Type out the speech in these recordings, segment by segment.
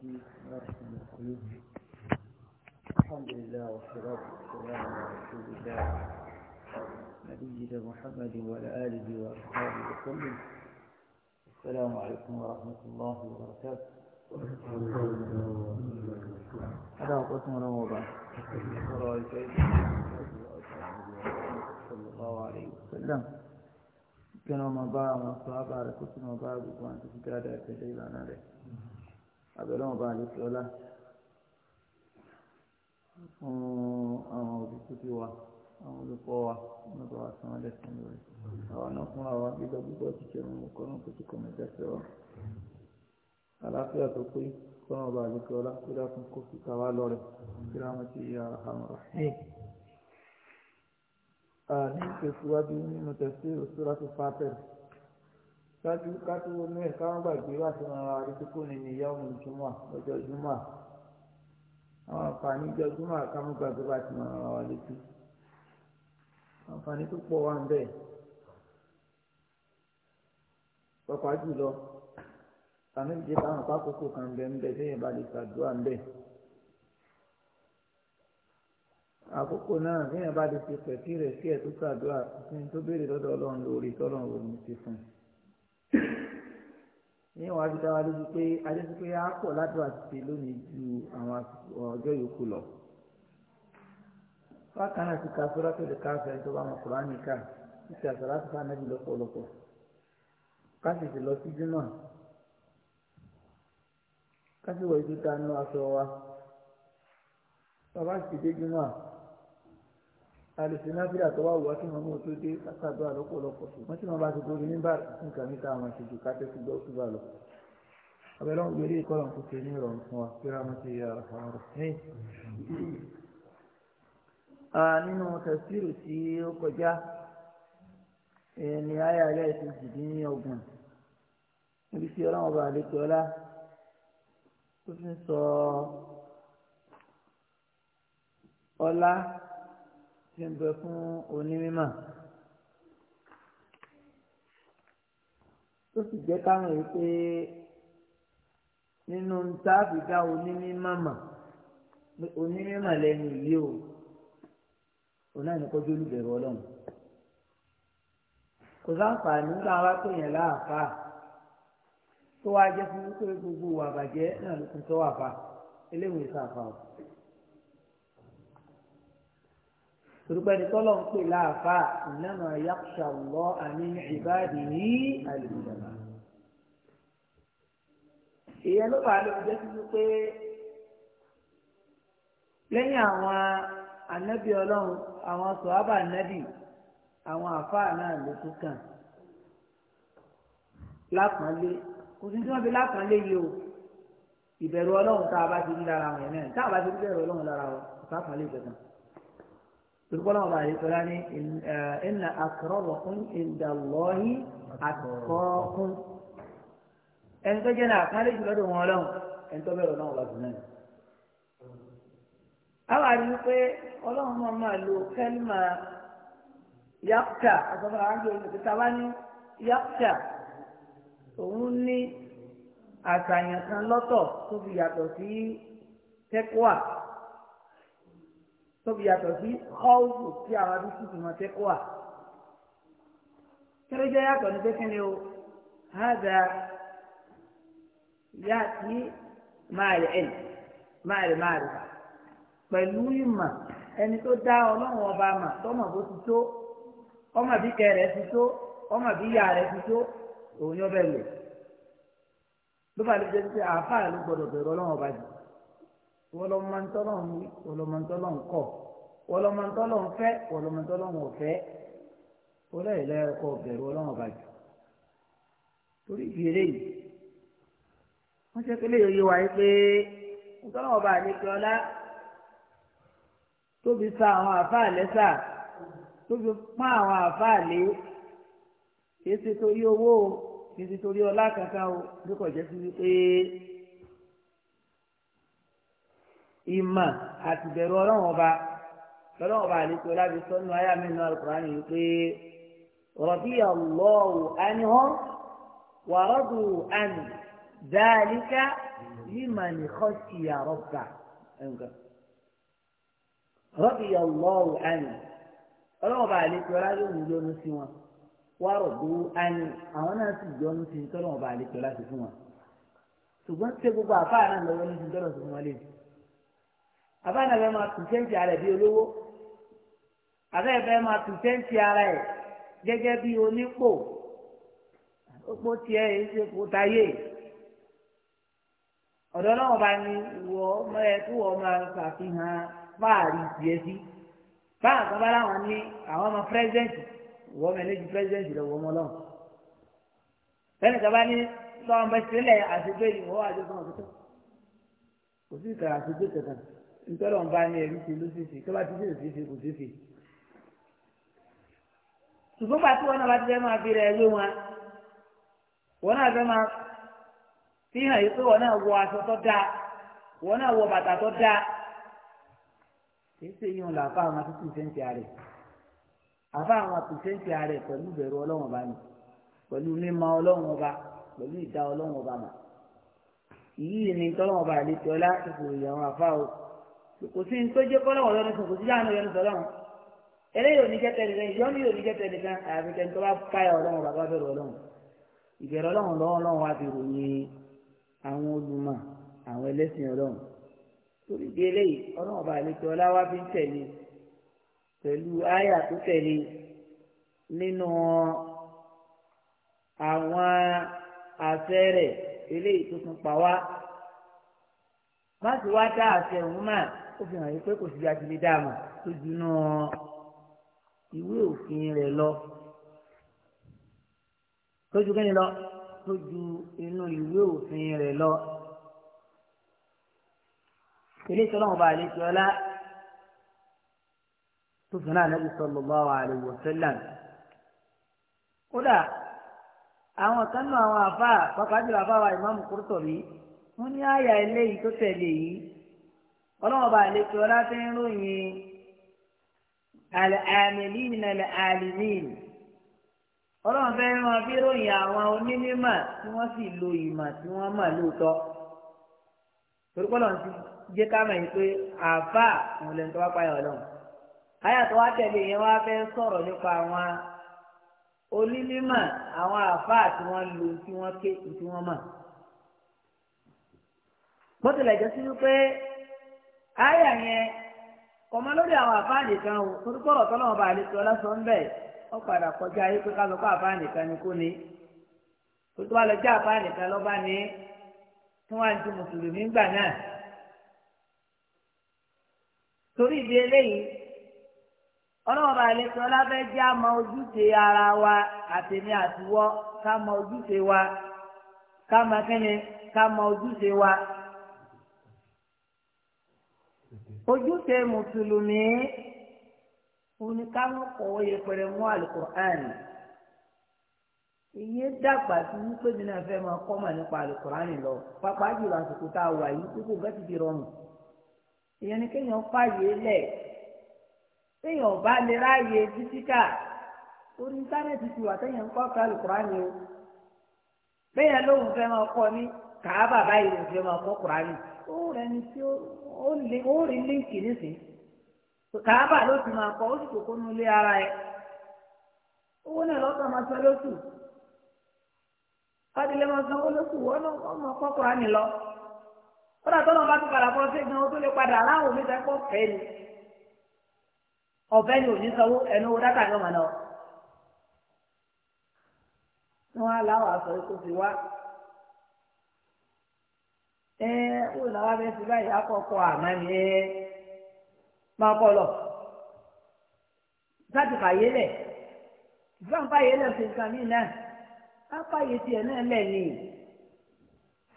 الحمد لله والصلاة والسلام على رسول الله نبينا محمد وعلى آله وأصحابه وسلم السلام عليكم ورحمة الله وبركاته هذا هو قسم رمضان صلى الله عليه وسلم كانوا مضاعوا والصحابة على قسم مضاعوا وأنت في كادة تجيب عن عليه àbẹ̀rẹ̀ wọn bá a lè fi ọlá fún àwọn òbíkú tí wa àwọn olùkọ́ wa nígbà wa san alẹ́ fún mi rẹ̀ àwọn náà fúnra wa gbígbà gbígbà ti ṣe ìrìn òkọ́ náà kò tí kò mẹ́jọ sí ọ àlàáfíà tó pé kọ́nà ọba àlùkò ọlá kó dákun kó fi ká wá lọ rẹ̀ kí láwọn ti yà àwọn ọ̀rọ̀. àní ìtẹ̀síwájú nínú tẹ̀sí òṣùra tó fà ṣáájú kátó wọnú ẹ̀ káwọn gbàgbé wá sí wọn ara tó kó ní ní ìyá ọmọ ìjùmọ̀ ọjọ́ ìjùmọ̀ àwọn àǹfààní ìjọ ìjùmọ̀ káwọn gbàgbé wá sí wọn ara wa létí àǹfààní tó pọ̀ wá ń bẹ̀ pàpà jùlọ àmì ìdí káwọn pákókò kan bẹ ń bẹ sẹ́yìn bá lè ṣàdúrà ń bẹ àkókò náà sẹ́yìn bá lè ṣe pẹ̀tí rẹ̀ sí ẹ̀ tó ṣàdúrà sí tó béèrè lọ́dọ̀ ọlọ́run lórí tọ́lọ́run ò ní ti fún un ní wọn fi dá wa lójú pé adéṣepé á pọ̀ ládùúgbò àti lónìí ju àwọn ọjọ́ yòókù lọ. bákan náà ti ka sọ́dọ̀ tó lè ká fẹ́ tó bá wọn kúrò á nìka títí àtàlà tó fà nábì lọ́pọ̀lọpọ̀ káṣí ti lọ sí júmọ̀ káṣí wọ̀ ìdúta nú aṣọ wa bàbá sì dé júmọ̀ alùsùn náfìlà tó wà wá kí wọn mú tó dé kásàdó àlọ́pọ̀lọpọ̀ ṣùgbọ́n tí wọn bá ti dórí nígbà nǹkan níta àwọn àṣejù kátẹ́ sí gbọ́ sí balọ̀ abẹ́lẹ́ wọn gbélé ìkọlọ̀ ń kúkẹ́ ní ìrọ̀rùn fún wa kí wọn ti yà àwọn ọ̀rọ̀ nínú tẹ̀síìrù tí ó kọjá ní ayé alẹ́ ti jìdí ní ọgbọ̀n níbi tí ọlọ́run bá lè tọ́lá tó fi ń sọ ọlá tí ń bẹ fún onímọ̀ tó sì jẹ́ káwọn yìí pé nínú táàbìdá onímọ̀ mà onímọ̀ lẹ́nu yìí o onáà ní kọjú olùbẹ̀rù ọlọ́run kò sáǹfààní nígbà wá pè yẹn láàfáà tó wáá jẹ́ fún wípé gbogbo wàbàjẹ́ náà ló tún tọ́ wàfà eléwèé sáfà o. torípé ẹni tọ́lọ̀ ń pè láàfà innama yakhsha Allaha min ibadihi al-ulama. ìyẹn ló bá lóun jẹ́ tuntun pé lẹ́yìn àwọn ànábì ọlọ́run àwọn sọ̀hábà ànábì àwọn àfáà náà ló tún kàn lápọ̀nlé kò sí tí wọ́n fi lápọ̀nlé yìí o ìbẹ̀rù ọlọ́run tá a bá ti rí lára wọn yẹn náà tá a bá ti rí bẹ̀rù ọlọ́run lára wọn kò sápọ̀nlé ìbẹ̀rù náà tolukọ́lá ọba àdìsọ́lá ní ẹ̀nà akramakum indallahi atqakum ẹni tó jẹ́ náà kálí jùlọ dùn wọn lọ́wọ́ ẹni tó bẹ̀rù náà wà sí náà. àwọn àdìsọ́ pé ọlọ́run máa máa lo kẹ́límà yàtà àtọ́fọ́nà àjọ olùkíta bá ní yàtà òun ní àṣàyàn kan lọ́tọ̀ tó fi yàtọ̀ sí tẹ́kọ̀ọ́ tóbi yàtọ̀ sí ọ́ọ̀bù tí àwọn adúgbò tó máa tẹ́kọ̀ wà. kẹ́rẹ́ jẹ́ yàtọ̀ ní pé kíni o hàdà yàtí máàlì ẹ̀ máàlì máàlì pẹ̀lú ìmọ̀ ẹni tó dá ọlọ́run ọba mà tọ́mọ̀ bó ti tó ọmọ bí kẹ rẹ̀ ti tó ọmọ bí ìyá rẹ̀ ti tó òun yọ bẹ́ẹ̀ lò ló bá lè jẹ́ pé àáfàá ló gbọ́dọ̀ bẹ̀rù ọlọ́run ọba jù wọlọmọntọlọ ń wí wọlọmọntọlọ ń kọ wọlọmọntọlọ ń fẹ́ wọlọmọntọlọ ń ọfẹ wọlọyìn lẹẹkọ bẹ̀rù Ọlọ́run bàjẹ́ torí ìbéèrè yìí wọn ṣe kélé yìí wáyé pé ntọ́lọ́wọ́ bá àlejò ọlá tóbi sa àwọn àfáà lẹ́sà tóbi pọ́n àwọn àfáà lé kìí ṣe torí owó kìí ṣe torí ọlá kankan o bí kò jẹ́ sí wípé ìmọ̀ àti ìbẹ̀rù ọlọ́run ọba ọlọ́run ọba àlejò ọlábi sọ́nù ayá mi nù alukùránì yìí pé radiya Allahu anhum wa radu an dhalika liman khashiya rabbah radiya Allahu anhum ọlọ́run ọba àlejò ọlábi òun yọ́nú sí wọn wà rọ̀dù àwọn náà sì yọ́nú sí tọ́lọ́run ọba àlejò ọlábi fún wọn ṣùgbọ́n ṣé gbogbo àfáà náà lọ́wọ́ àbáyọ̀ fẹ́ máa tù sẹ́ǹtì ara ẹ̀ bí olówó àbáyọ̀ fẹ́ máa tù sẹ́ǹtì ara ẹ̀ gẹ́gẹ́ bí onípò òpó tiẹ̀ ẹ̀ ṣe kó tayé ọ̀dọ́ náà bá ní ìwọ ẹ kí wọ́n máa ṣàfihàn fáàrí tiẹ̀ sí báwọn kan bá láwọn ní àwọn ọmọ pírẹ́sidẹ́ǹtì ìwọ mẹ́lẹ́jì pírẹ́sidẹ́ǹtì lọ́wọ́ ọmọ lọ́wọ́ bẹ́ẹ̀ni kan bá ní lọ́wọ́ mẹ́sílẹ̀ àṣegbè ìwọ àjọṣọ́ ọ̀tọ̀tọ̀ kò sí ìkàrà àṣegbè kankan nítorí wọn bá ní ẹ̀rí ṣe ló ṣe ṣe tó bá ti ṣe ṣe ṣe kò ṣe ṣe. ṣùgbọ́n pàtó wọn náà bá ti fẹ́ máa fi rẹ̀ ẹgbẹ́ wọn wọn náà fẹ́ máa fi hàn yìí pé wọn náà wọ aṣọ tó dáa wọn náà wọ bàtà tó dáa kìí ṣe yíyan làáfà àwọn akíkú ìṣẹ́ǹtì ààrẹ àfà àwọn akíkú ìṣẹ́ǹtì ààrẹ pẹ̀lú ìbẹ̀rù ọlọ́run ọba ni pẹ̀lú mímọ̀ ọlọ́run ọba pẹ̀lú ìdá ọlọ́run ọba mà yìí ni tọ́lọ́run ọba àlejò ọlá ìfòyìn àwọn àfà o kò sí tó jẹ́ kọ́lọ́wọ́ lọ́nu sùn kò sí láàánú lọ́nu sọ lọ́wọ́ eléyìí ò ní kẹtẹ nìkan ìyọ́nù yóò ní kẹtẹ nìkan àyàfi kẹ́ni tó bá káyà ọlọ́run bàbá bẹ̀rù ọlọ́run ìbẹ̀rù ọlọ́run lọ́wọ́ ọlọ́run wá fi ròyìn àwọn olùmọ̀ àwọn ẹlẹ́sìn ọlọ́run torí di eléyìí ọlọ́run bá àlejò ọlá wá fi ń tẹ̀lé pẹ̀lú àyà tó tẹ̀lé nínú àwọn àṣẹ rẹ̀ eléyìí tó tún pa wá má sì wá dá àṣẹ òun náà ó fi hàn yí pé kò sí ajílẹ̀ dáàmú tó juná ìwé òfin rẹ̀ lọ tó ju kíni lọ tó ju inú ìwé òfin rẹ̀ lọ. ilé ìtọ́lọ́mù bá àlejò ọlá tó fi náà nàbì sallallahu alaihi wasallam kódà àwọn kan náà àwọn àfáà pàápàá jùlọ àfáà wa ìmáàmù Qurtubi wọ́n ní àyà eléyìí tó tẹ̀lé yìí ọlọ́wọ́n bá lè fi ọlá fi ń ròyìn àmìlín àlìmín ọlọ́wọ́n fẹ́ ràn fi ròyìn àwọn onímọ̀ tí wọ́n sì lo ìmọ̀ tí wọ́n mọ̀ lóòótọ́ torípọ́ lọ́n ti jẹ́ ká mọ̀ yìí pé àbá òun lẹ́nu tó wá payọ̀ ọlọ́run káyà wá tẹ̀lé yẹn wá fẹ́ sọ̀rọ̀ nípa àwọn onímọ̀ àwọn àbá tí wọ́n lo tí wọ́n ké tí wọ́n mọ̀ bó tilẹ̀ sí wípé. a yẹn kọ̀mọ́ lórí àwọn àfáàní kan o torúkọ̀rọ̀ tọ́lọ́wọ́n bá àlejò ọlọ́sọ̀ ń bẹ̀ ọ padà kọjá yìí pé kálukọ́ àfáàní kan ni kú ni tuntun wa lọ àfáàní kan lọ́ba ni tí wọ́n á mùsùlùmí gbà náà torí ìdí eléyìí ọlọ́wọ́n bá lè sọ jẹ́ àmọ́ ojúṣe ara wa àtẹ̀mí àtiwọ́ ká mọ ojúṣe wa ká mọ ojúṣe mùsùlùmí oníkàwọn kọ̀wé yẹpẹrẹ mú àlùkùránì iye dàgbà tí wípé mi náà fẹ́ máa kọ́ mà nípa àlùkùránì lọ pápá jùlọ àsìkò tá a wà yìí gbogbo nǹkan ti di rọrùn ìyẹn ni kéèyàn fààyè lẹ̀ téèyàn bá lè ráàyè títí orí íńtánẹ́ẹ̀tì ti wà téèyàn ń kọ́ ká àlùkùránì o téèyàn lóun fẹ́ máa kọ́ ní kàá bàbá yìí lòun fẹ́ máa kọ́ kùránì ó rẹ̀ ni tí ó rí líǹkì nísìnyí kàábà ló ti máa kọ́ ó sì kókó nu ilé ara ẹ̀ owó náà lọ́kàn máa san lóṣù kádìlẹ́ máa san owó lóṣù wọ́n máa kọ́ Kùránì lọ kódà tó náà bá ti padà bọ́ sí gan-an ó tó lè padà aláwọ̀ mi fẹ́ kọ́ fẹ́ ni ọ̀fẹ́ ni òní sanwó ẹnu owó dákà ni ọ̀mà náà wọ́n á láwọ̀ àṣọ ikú sí wá. ẹ wò làwọn abẹ ti báyìí akọkọ àmàmì ẹ máa kọ lọ láti fàyè lẹ ìfọwọ́n fàyè lẹ fi nǹkan mí náà apáyé tiẹ̀ náà lẹ̀ ni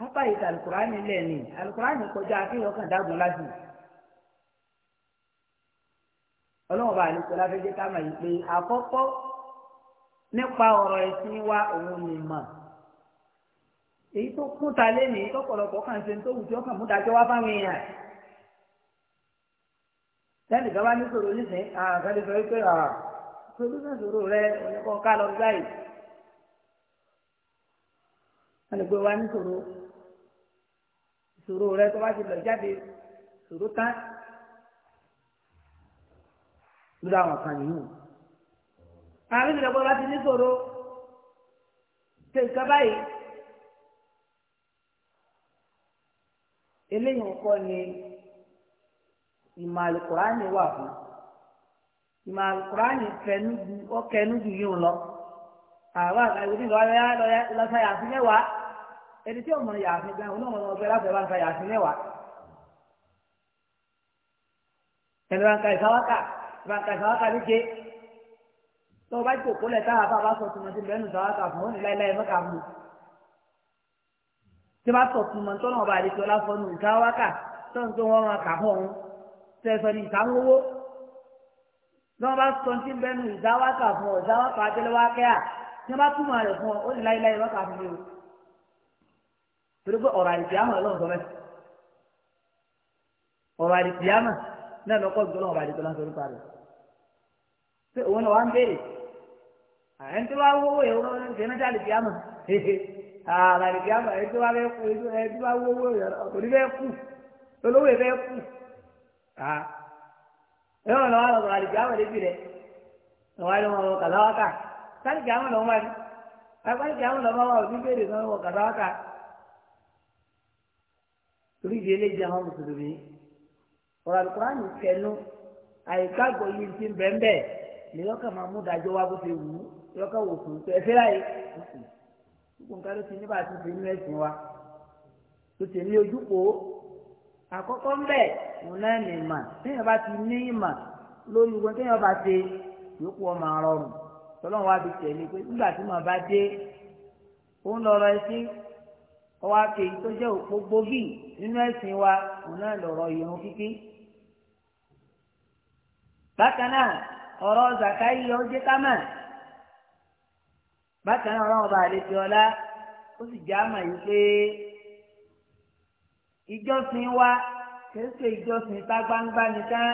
apáyé tí alukurani lẹ̀ ni alukurani kọjá akéwọ́n kan dágùn láti ọlọ́wọ́n bá àlùkò láfẹ́jẹ́ ká máa yí pé àkọ́kọ́ nípa ọ̀rọ̀ ẹ̀sìn wa òun ni èyí tó kún ta lé ní tọ̀pọ̀lọpọ̀ kàn ṣe tó wù tí ọkàn mú dájọ́ wá fáwọn èèyàn sẹ́ni kan ní sòrò nísìnyí àgbàdo sọ wípé solúsàn sòrò rẹ oníkan ká lọ gbá yìí alùpùpù wa ní sòrò sòrò rẹ tó bá ti lọ jáde sòrò tán lórí àwọn kan nìyí àwọn ìdílé bọ́ ti ní sòrò ṣe nǹkan eléyìí nǹkan ni ìmọ̀ alukurani wà fún ìmọ̀ alukurani kẹnudu ọkẹnudu yìí lọ àwọn àgbẹ̀bí lọ́yà lọ́yà lọ́sà yàtí mẹ́wàá ẹni tí ọmọ yàtí gan ọ̀nà ọmọ ọgbẹ́ láti ẹ̀rọ àǹkà yàtí mẹ́wàá ẹ̀rọ àǹkà ìsáwákà ẹ̀rọ àǹkà ìsáwákà níje tó o bá jòkó lẹ̀ táwọn afá bá sọ tìmọ̀tì bẹ́ẹ̀ nù sáwákà fún ó ní láéláé mọ́kà fún un tí wọ́n bá sọ fún wọn tọ́nà ọba àdéhùn ọláfọ́nù ìkáwákà tọ́nà tó wọ́n máa kà fún un tẹ̀sọ̀ ní ìkáwówó tí wọ́n bá sọ ní bẹ́nu ìdáwákà fún ọ ìdáwákà àtẹlẹwákẹ́ à tí wọ́n bá túmọ̀ rẹ̀ fún ọ ó ní láéláé wákà fún mi o torí pé ọ̀rọ̀ àdìsí àmọ̀ ọlọ́run sọ bẹ́ẹ̀ ọ̀rọ̀ àdìsí àmọ̀ náà lọ́kọ́ gbọ́dọ̀ ọ̀rọ̀ àdìsí àlàlìkì àmà ẹtí wà bẹ kú ẹtí wà wó owó yàrá òní bẹ kú olówó yẹ bẹ kú ha ẹ wọn lọ wà lọ àlàlìkì àmà débi rẹ lọ wà lọ kàdáwàkà sálìkì àmà lọ wà ní àgbàlìkì àmà lọ wà wà òní bèrè sọ wọ kàdáwàkà torí ìdí eléyìí àwọn mùsùlùmí ọ̀rọ̀ àlùkùránì kẹnu àyíkágbọ̀ yìí ti bẹ́ẹ̀ bẹ́ẹ̀ ni yọkàn máa mú dájọ́ wá bó ṣe wù ú yọkàn wò fún un pé ẹ fẹ́ láyé gbogbo nǹkan ló ti ní bá a ti fi nínú ẹ̀sìn wa tó ti ní ojúkò àkọ́kọ́ ń bẹ̀ òun náà ní ìmà téèyàn bá ti ní ìmà lórí wọn téèyàn bá ṣe yòókù ọmọ àrọrùn tọ́lọ́run wá fi tẹ̀lé pé nígbà tí màá bá dé òun lọ́rọ̀ ẹ̀sìn ọwọ́ àti èyí tó jẹ́ òpó gbòógì nínú ẹ̀sìn wa òun náà lọ́rọ̀ ìrun kíkí. bákan náà ọ̀rọ̀ zakai yọ jẹ́ ká mọ̀ bákan náà ọlọ́run bá àlejò ọlá ó sì já mà yìí pé ìjọsìn wa kìí ṣe ìjọsìn ta gbangba nìkan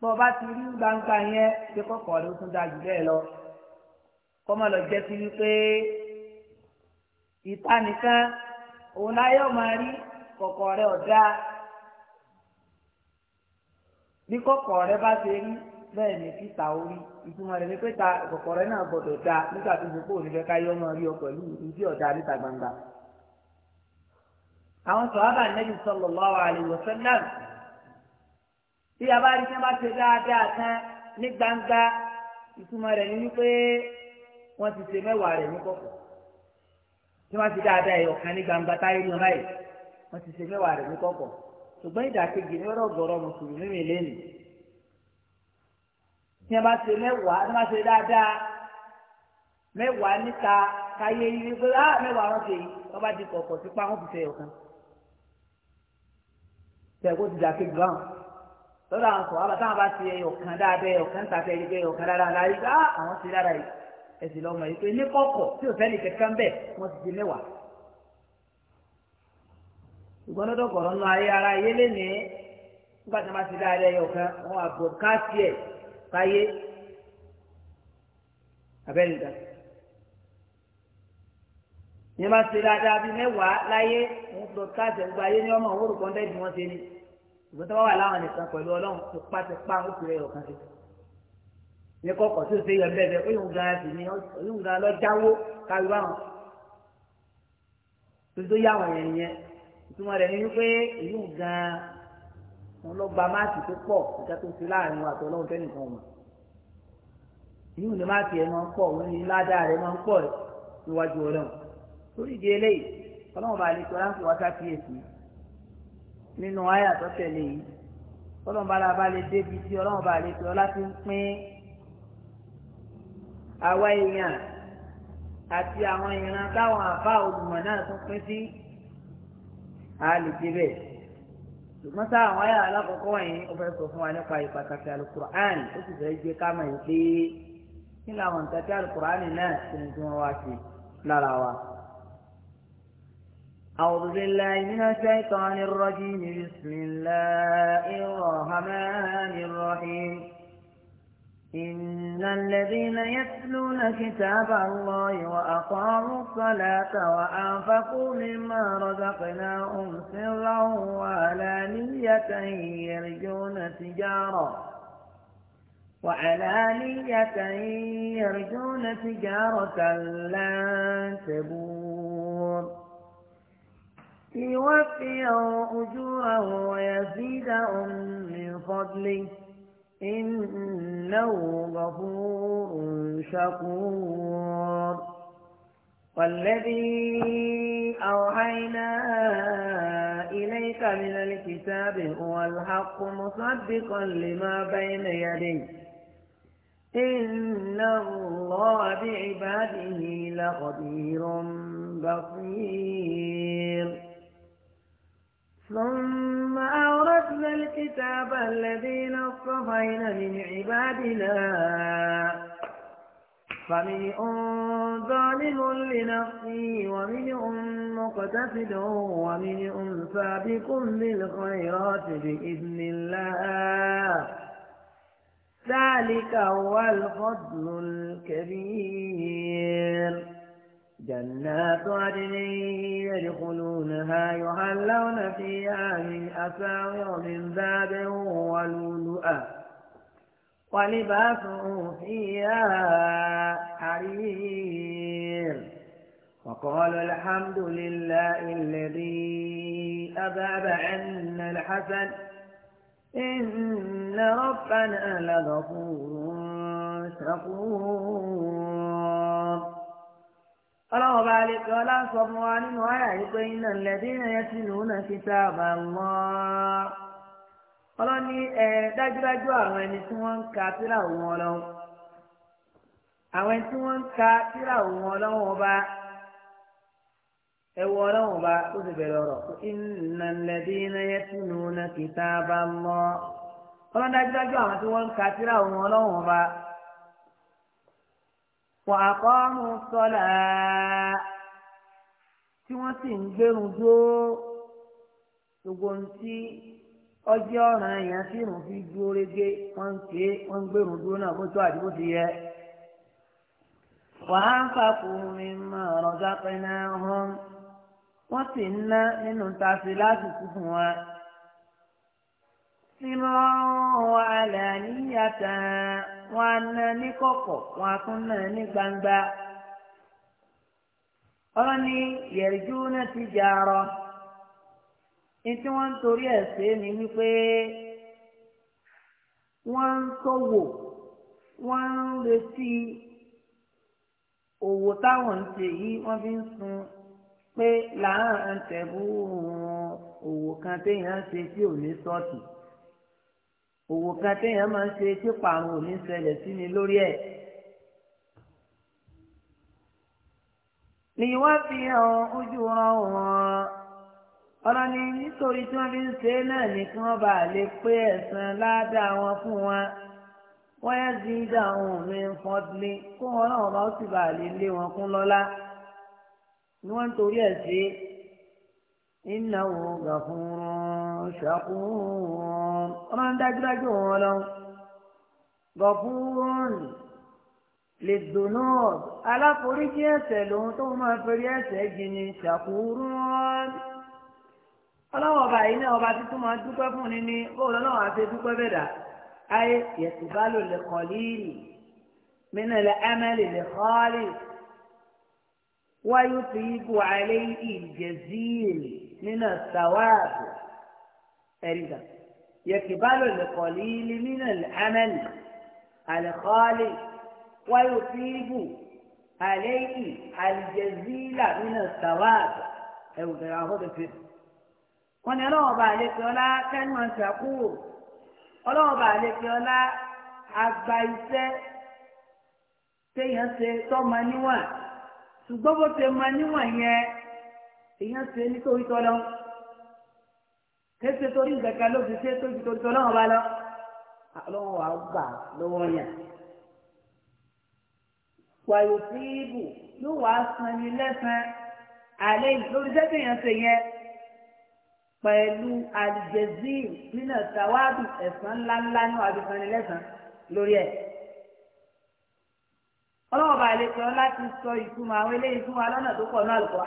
tó o bá ti rí gbangba yẹn ṣe kọ́kọ́ ló tún dájú bẹ́ẹ̀ lọ kọ́mọ lọ jẹ́ sí wípé ìta nìkan òun láyọ̀ rí ọ̀dá bí bá bẹ́ẹ̀ ni títà orí ìtumọ̀ rẹ̀ ni pé ta náà gbọ́dọ̀ da nígbà tó ti kó onífẹ́ káyọ́ ọmọ rí ọ pẹ̀lú ìdí ọ̀dà níta gbangba. àwọn sọ̀hábà nẹ́bí sallallahu alaihi wasallam tí a bá rí sẹ́ńbà ṣe dáadáa tán ní gbangba ìtumọ̀ rẹ̀ ni wọ́n ti ṣe mẹ́wàá rẹ̀ ní kọ̀kọ̀ tí wọ́n ti dáadáa ní gbangba tí wọn bá ṣe mẹ́wàá tí wọn bá ṣe dáadáa mẹ́wàá níta káyé yìí pé á ah, mẹ́wàá wọn ṣe yìí wọn bá di kọ̀ọ̀kọ̀ sípá wọn fi fẹ́ ọ̀kan. tẹ̀kọ́ ti dàkẹ́ gbọ́n lọ́dọ̀ àwọn sọ̀rọ̀ àbàtà wọn bá ṣe ọ̀kan dáadáa ọ̀kan tàbí ẹ̀yẹ ọ̀kan dáadáa láyé á ah, àwọn ṣe dáadáa yìí ẹ̀sìn lọ́mọ yìí pé ní kọ̀ọ̀kọ̀ tí ò fẹ́ni kẹ̀kẹ́ ń bẹ̀ wọ́n ti di mẹ́wàá. ṣùgbọ́n lọ́dọ̀ kọ̀ọ̀rọ̀ nù ayé ara ayé lénìí sáyé abẹ́rìndà ní bá ṣe dáadáa bíi mẹ́wàá láyé wọn lọ káàtẹ̀ gba ayé ní ọmọ òun olùkọ́ ńdẹ́ ìdí wọn ṣe ni ìgbọ́n tó wà láwọn nìkan pẹ̀lú ọlọ́run tó pàṣẹ pa ó ti rẹ ọ̀kan ṣe ní kọ́kọ́ tó ṣe yọ bẹ́ẹ̀ bẹ́ẹ̀ oyún gan sì ni oyún gan lọ jáwó kárí báwọn tó tó yá àwọn yẹn yẹn ìtumọ̀ rẹ̀ ni wípé oyún gan òun lọ gba máàkì tó pọ̀ ìjà tó ṣe láàrin wa àti ọlọ́run tẹ́nìkan ọ̀mọ̀ yìí ò ní máàkì ẹ̀ máa ń pọ̀ òun ní ládàá rẹ̀ máa ń pọ̀ níwájú ọlọ́run torí ìdí eléyìí ọlọ́run bá lè sọ láti wá sáfìyèsí nínú àyà tó tẹ̀lé yìí ọlọ́run bá la bá lè débi tí ọlọ́run bá lè sọ láti ń pín àwa èèyàn àti àwọn ìran táwọn àbá olùmọ̀ náà tún pín sí àlè débẹ̀ ṣùgbọ́n tá àwọn ayé alákọ̀ọ́kọ́ wọ̀nyí ó fẹ́ sọ fún wa nípa ìpàtàkì alukur'an ó sì fẹ́ gbé ká mọ̀ pé kí làwọn nǹkan tí alukur'an náà ti ní tí wọ́n wá sí lára wa. أعوذ بالله من الشيطان الرجيم بسم الله الرحمن الرحيم إن الذين يتلون كتاب الله وأقاموا الصلاة وأنفقوا مما رزقناهم سرا وعلانية يرجون تجارة وعلانية يرجون تجارة لن تبور يوفيهم أجورهم ويزيدهم من فضله إن إنه غفور شكور والذي أوحينا إليك من الكتاب هو الحق مصدقا لما بين يديه إن الله بعباده لخبير بصير ثم أورثنا الكتاب الذين اصطفينا من عبادنا فمنهم ظالم لنفسه ومنهم مقتصد ومنهم سابق للخيرات بإذن الله ذلك هو الفضل الكبير جنات عدن يدخلونها يحلون فيها من أساور من ذاب ولؤلؤا ولباسهم فيها حرير وقالوا الحمد لله الذي أباب عنا الحسن إن ربنا لغفور شكور Ọ àlejò ọlá ń sọ fún wa nínú àyà ya ọlọ́ni ẹ dájúdájú àwọn ẹni tí wọ́n ń ka tírà òun ọlọ́run àwọn ẹni tí wọ́n ń ka tírà òun ọlọ́run ọba ẹwọ ọlọ́run ọba ó sì bẹ̀rẹ̀ ọ̀rọ̀ iná yẹn wà á kọ́ ọ́nù sọ́là tí wọ́n sì ń gbérun dúró gbogbo ohun tí ọjọ́ ọ̀ràn èèyàn sì rùn fi dúró régé wọ́n ń ké wọ́n ń gbérun dúró náà bó tó àti ti yẹ. wà á ń fàkù mi mọ ọ̀rọ̀ gápẹ́ náà hàn wọ́n sì ń ná nínú tafe láti kú fún wa. sírọ̀ wà á lẹ́ wọn á ná ní kọ̀kọ̀ wọn á tún ná ní gbangba ọlọ́run ní yẹ̀rìjú náà ti jà rọ ní tí wọ́n ń torí ẹ̀ ṣe ni wípé wọ́n ń tówò wọ́n ń retí òwò táwọn ń ṣe yìí wọ́n fi ń sun pé làá ń tẹ̀ bú òwò kan téèyàn ṣe tí ò ní sọ́ọ̀tì òwò kan téèyàn máa ń ṣe tí pààrùn ò ní ṣẹlẹ̀ sí ni lórí ẹ̀. ni wọ́n fi hàn ojú ran wọn ọ̀rọ̀ ni nítorí tí wọ́n fi ń ṣe náà ni kí wọ́n bàa lè pé ẹ̀san ládàá wọn fún wọn wọ́n yá sí dáhùn mi fọ́dúnlé kó wọn náà bá sì bàa lè lé wọn kún lọ́lá ni wọ́n ń torí ẹ̀ ṣe ìnáwó gàfúrún ṣàkóhùn ọmọ ń dájúdájú wọn lọ gọ̀fúrúnì lè dùnú aláforíjì ẹ̀ṣẹ̀ lòun tó máa fẹ́rí ẹ̀ṣẹ̀ jì ní ṣàkúrú wọn. ọlọ́wọ́ ọba yìí náà ọba títún máa dúpẹ́ fún ni ní bóòlù náà àti dúpẹ́ bẹ̀dà ayé yẹ̀sùbálò lè kọ̀ líìlì mínà lè ẹ́mẹ́lì lè kọ́ọ̀lì wáyé fi ibò àlẹ́ ìjẹ̀zíìlì nínà sàwáàbù ẹ̀rí gàtọ́. يكبل القليل من العمل الخالي ويصيب عليه الجزيل من الثواب أو تراهد فيه wọ́n ní ọlọ́ọ̀bà àlekèọ́lá kẹ́nìmọ̀ ṣàkóò ọlọ́ọ̀bà àlekèọ́lá àgbà iṣẹ́ téèyàn ṣe tọ́mọ níwọ̀n ṣùgbọ́n bó ṣe mọ níwọ̀n yẹn èèyàn ṣe nítorí tọ́lọ́wọ́ kéṣe torí ìgbẹ̀ka ló fi ṣe tó ju torí tọ́lọ́wọ́ bá lọ ọlọ́wọ́ wa gbà lọ́wọ́ yàn. wàyò sí ibù yóò wá san ni lẹ́sàn-án àlẹ́ lórí sẹ́kẹ̀yàn ṣe yẹn pẹ̀lú àlìjẹ̀zíìn nínú ṣàwádù ẹ̀sán ńláńlá ní àbíkan ni lẹ́sàn-án lórí ẹ̀. ọlọ́wọ́ bá lè sọ láti sọ ìtumọ̀ àwọn eléyìí fún wa lọ́nà tó pọ̀ náà lọ́kọ̀ọ́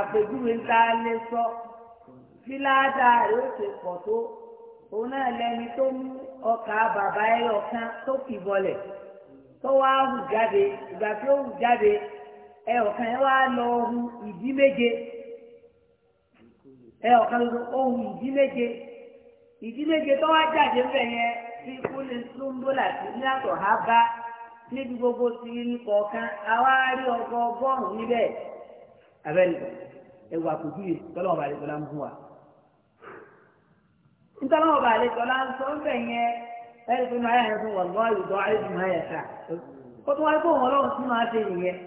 àpèjúwe tá a lè sọ tí ládàá ó ṣe pọ̀ tó òun náà lẹni tó mú ọkà bàbá ẹyọ kan tó kì bọlẹ̀ tó wá hù jáde ìgbà tí ó hù jáde ẹ wá lọ hu ìdí méje ohun ìdí méje ha bá níbi gbogbo kọ̀ọ̀kan àwa rí níbẹ̀. abẹ́rẹ́ ẹ̀wù àpòjúwe tọ́lọ́wọ́n bá àlejò láń fún wa. ntọ́lọ́wọ́n bá àlejò láń sọ ń bẹ̀ yẹn ẹ̀rì tó máa yàrá fún wàlúwà ìdọ́ àìsàn máa yẹ ká ó tún wáyé fún òun ọlọ́run tún máa ṣe nìyẹn.